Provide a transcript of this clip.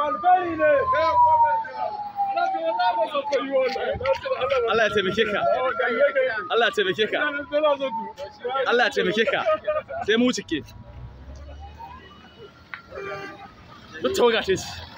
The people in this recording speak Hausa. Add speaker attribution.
Speaker 1: Allah
Speaker 2: ya taimake ka
Speaker 3: Allah ya taimake ka
Speaker 2: Allah ya taimake ka sai mu cike duk tawaga ce